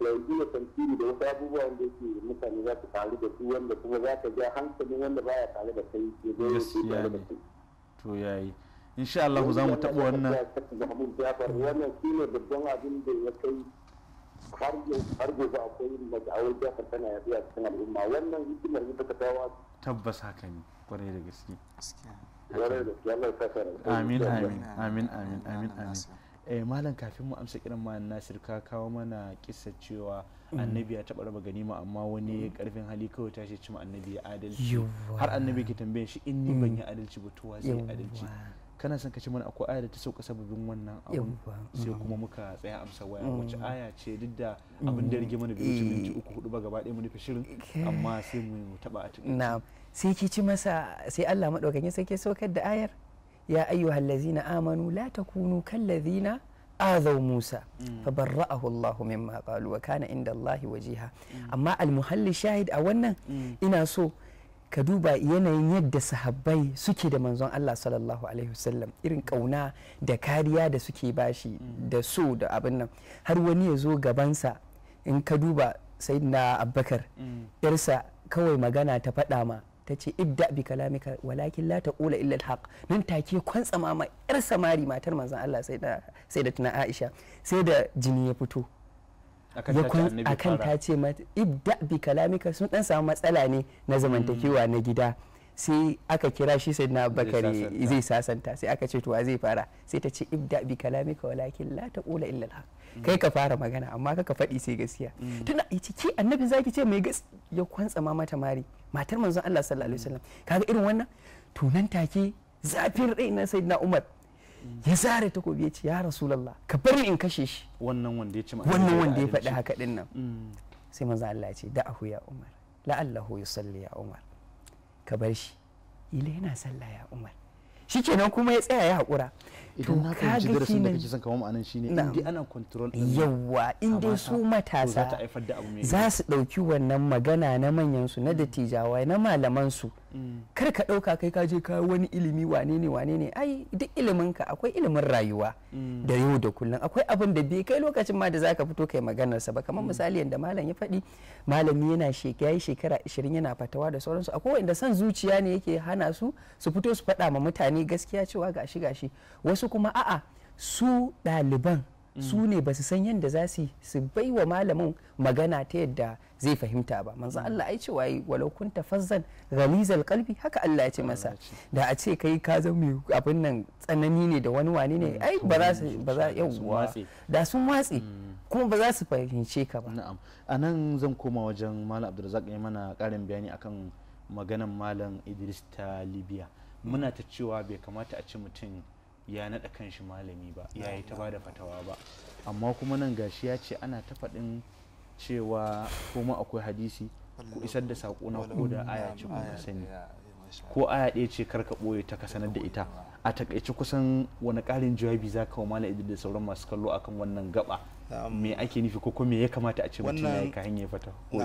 yanzu ya tantiri da wasu abubuwa wanda yake mutane za su faru da su wanda kuma za ka ja hankalin wanda baya tare da kai ke zai da kai to yayi insha Allah za mu taɓa wannan wannan shi ne babban abin da ya kai har har gobe akwai majawar jafar tana yafi a cikin al'umma wannan hikimar ita tabbas haka ne kwarai da gaske amin amin amin amin amin amin eh malam kafin mu amsa kiran ma Nasir ka kawo mana kissa cewa mm. annabi ya taɓa raba ganima amma wani karfin mm. hali kawai ta ce cima annabi ya adalci har annabi ke tambaye shi in ni ban yi adalci ba to wa zai adalci kana son ka mana akwai aya da ta sauka sabbin wannan abun sai kuma muka tsaya amsa waya mm. wacce aya ce duk da abin da rage mana biyu ci mm. minti uku hudu ba gaba ɗaya mu nufi shirin amma sai mu taba a cikin na'am sai ki ci masa sai Allah madaukakin sai ke saukar da ayar ya ayyuhal ladzina amanu la takunu kal ladzina azaw Musa mm. fa barra'ahu Allahu mimma qalu wa kana inda Allahi wajiha amma al muhalli shahid a wannan ina so ka duba yanayin yadda sahabbai suke da manzon Allah sallallahu alaihi wasallam irin kauna da kariya da suke bashi mm. da so da abin nan har wani ya zo gabansa in ka duba sayyidina abbakar yarsa mm. kawai magana ta faɗa ma ta ce ibda bi kalamika walakin la taqula illa alhaq nan take kwantsama ma yar samari matar manzon Allah sai da sai da tuna Aisha sai da jini ya fito akan ta ce mata ibda bi kalamika sun dan samu matsala ne na zamantakewa mm. na gida sai aka kira shi sai na bakari zai sasanta sai aka ce to zai fara sai ta ce ibda bi kalamika walakin la taqula illa al mm. kai ka fara magana amma ka faɗi sai gaskiya mm. tana ciki annabi zaki ce mai gas ya kwantsa ma mata mari matar manzon Allah sallallahu alaihi wasallam kaga irin wannan tunan take zafin rai na sayyidina Umar ya zare takobi ya ce ya rasulallah ka bari in kashe shi wannan wanda ya ci wannan wanda ya faɗi haka din nan mm. sai manzo Allah ya ce da'ahu ya Umar la'allahu yusalli ya Umar ka bar shi ila yana sallah ya Umar shikenan kuma ya tsaya ya haƙura idan na fahimci darasin da kake son kawo shine in dai ana control din yawa indai su matasa za su dauki wannan magana na manyan na mm. dattijawa na malaman su mm. kar ka dauka kai ka je ka wani ilimi wane ne wane ne ai duk ilimin ka akwai ilimin rayuwa mm. da yau da kullum akwai abin da bai kai lokacin ma da zaka fito kai maganar sa ba kamar misali yanda malam ya faɗi malami yana shekara shekara 20 yana fatawa da sauransu akwai wanda son zuciya ne yake hana su su fito su faɗa ma mutane gaskiya cewa gashi gashi wasu wasu kuma a'a su ɗaliban su ne ba su san yadda za su su bai wa malamin magana ta yadda zai fahimta ba manzan mm. Allah ai cewa yi walau kun tafazzan ghalizal kalbi haka Allah ya ce masa da a ce kai ka mai abin nan tsanani ne da wani wani ne mm, ai ba za su ba za da sun watsi mm. kuma ba za su fahimce ka ba na'am anan zan koma wajen malam Abdulrazak ya mana karin bayani akan maganan malam Idris ta Libya muna ta cewa bai kamata a ce mutum ya naɗa kanshi malami ba ya yi ta ba da fatawa ba amma kuma nan gashi ya ce ana ta faɗin cewa kuma akwai hadisi ku isar da saƙo na ko da aya ce kuma sani ko aya ɗaya ce karka ɓoye ta ka sanar da ita a takaice kusan wani ƙarin jawabi za ka wa da sauran masu kallo akan wannan gaba me ake nufi ko me ya kamata a ce mutum ya yi ka hanyar fata ko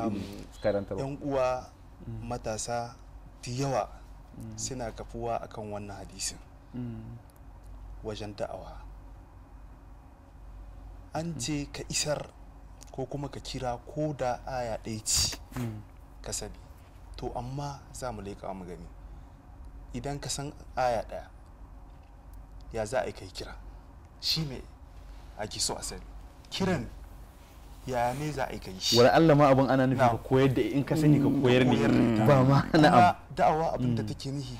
karanta ba uwa mm. matasa ta yawa mm. suna kafuwa akan wannan hadisin mm. wajen da'awa an hmm. ce ka isar ko kuma ka kira ko da aya ɗaya ci hmm. ka sabi to amma za mu leƙa mu gani idan ka san aya ɗaya ya za a yi kai kira shi ne ake so a sani kiran ya ne za a yi kai shi wani Allah ma abin ana nufi ka koyar da in ka sani ka koyar ne ba ma na'am da'awa abin da hmm. take nihi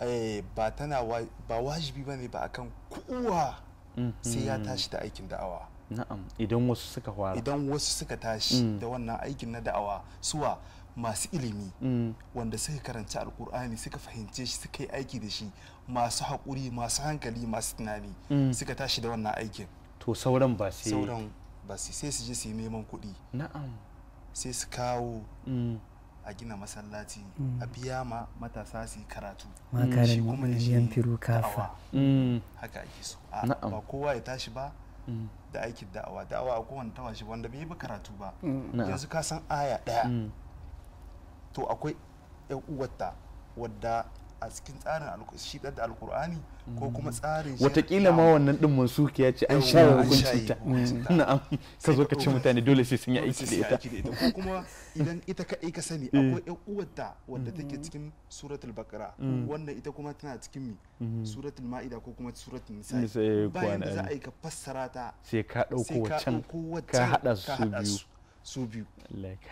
Eh, ba tana ba wajibi bane ba akan kowa mhm. sai ya tashi da aikin da'awa na'am idan wasu suka fara idan wasu suka tashi mm. da wannan aikin na da'awa suwa masu ilimi mm. wanda suka karanci alkur'ani suka fahimce shi suka yi aiki da shi masu haƙuri masu hankali masu tunani mm. suka tashi da wannan aikin to sauran ba sai sauran ba sai su je su yi neman kuɗi na'am sai su kawo a gina masallaci a mm. biya ma matasa su yi karatu mm. shi kuma ne shi kafa mm. haka ake so ba kowa ya tashi ba da aikin da'awa da'awa a kowane tawashi wanda bai yi karatu ba yanzu ka san aya ɗaya to akwai 'yan uwarta wadda a cikin tsarin shi da alkur'ani ko kuma tsarin shi watakila ma wannan din mansuki ya ce an shaye hukuncin ta na'am ka zo ka ce mutane dole sai sun yi aiki da ita ko kuma idan ita ka ka sani eh. akwai yan uwarta wadda take mm. cikin suratul baqara mm. wannan ita kuma tana cikin mi mm-hmm. suratul ma'ida ko kuma suratul nisa bayan da za a yi ka fassara ta sai ka dauko waccan ka hada su biyu su biyu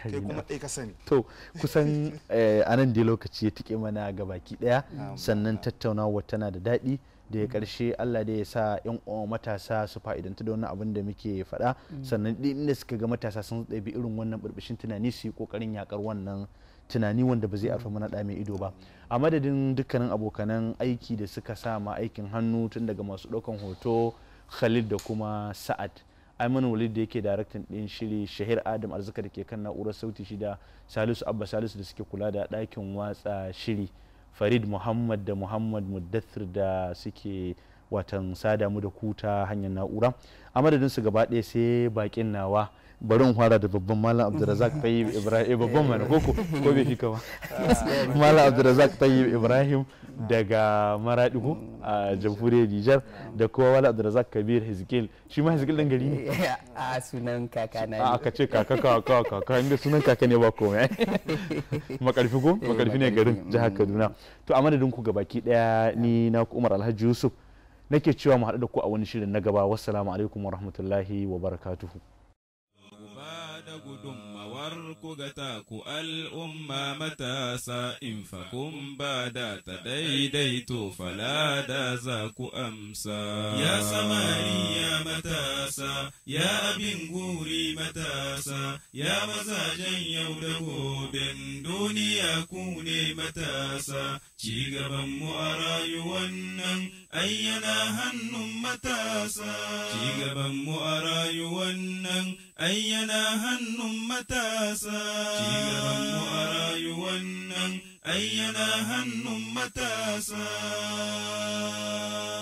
kai kuma ɗaya ka sani to kusan eh, a nan dai lokaci ya tike mana ga baki ɗaya sannan tattaunawa tana da daɗi da ya karshe Allah da ya sa yan matasa su fa'idanta da wannan abin da muke faɗa mm. sannan inda suka ga matasa sun ɗabi irin wannan burbushin tunani su yi ƙoƙarin yakar wannan tunani wanda ba zai arfa mana da mai ido ba a madadin dukkanin abokanan aiki da suka sa ma aikin hannu tun daga masu ɗaukan hoto khalid da kuma sa'ad aiman walid da yake daraktan din shiri shahir adam arzika da ke kan na'urar sauti shida salisu abba salisu da suke kula da ɗakin watsa shiri farid muhammad da muhammad muddathir da suke watan sada mu da kuta hanyar na'ura a su gaba ɗaya sai baƙin nawa bari in fara da babban malam abdulrazak tayyib ibrahim babban mana koko ko bai fika ba malam abdulrazak tayyib ibrahim daga maradigo a jamhuriyar nijar da kuma malam abdulrazak kabir hezekiel shi ma hezekiel dan gari ne a sunan kaka na a ka ce kaka kaka kaka inda sunan kaka ne ba komai makarfi ko eh, makarfi ne garin jihar kaduna to a madadin ku gabaki daya ni na umar alhaji yusuf nake cewa mu haɗu da ku a wani shirin na gaba wassalamu alaikum wa rahmatullahi wa barakatuhu دغدم ورك غتاك الامه متى سا ان فكم تديديت فلا دازك امسا يا سماري متى سا يا بنغوري متى سا يا مزاجن يودغو بن دنيا كوني متى سا شيغبن مو ارايو ayyana hannun matasa cigaban mu a rayuwan nan ayyana hannun matasa cigaban mu a rayuwan nan ayyana hannun matasa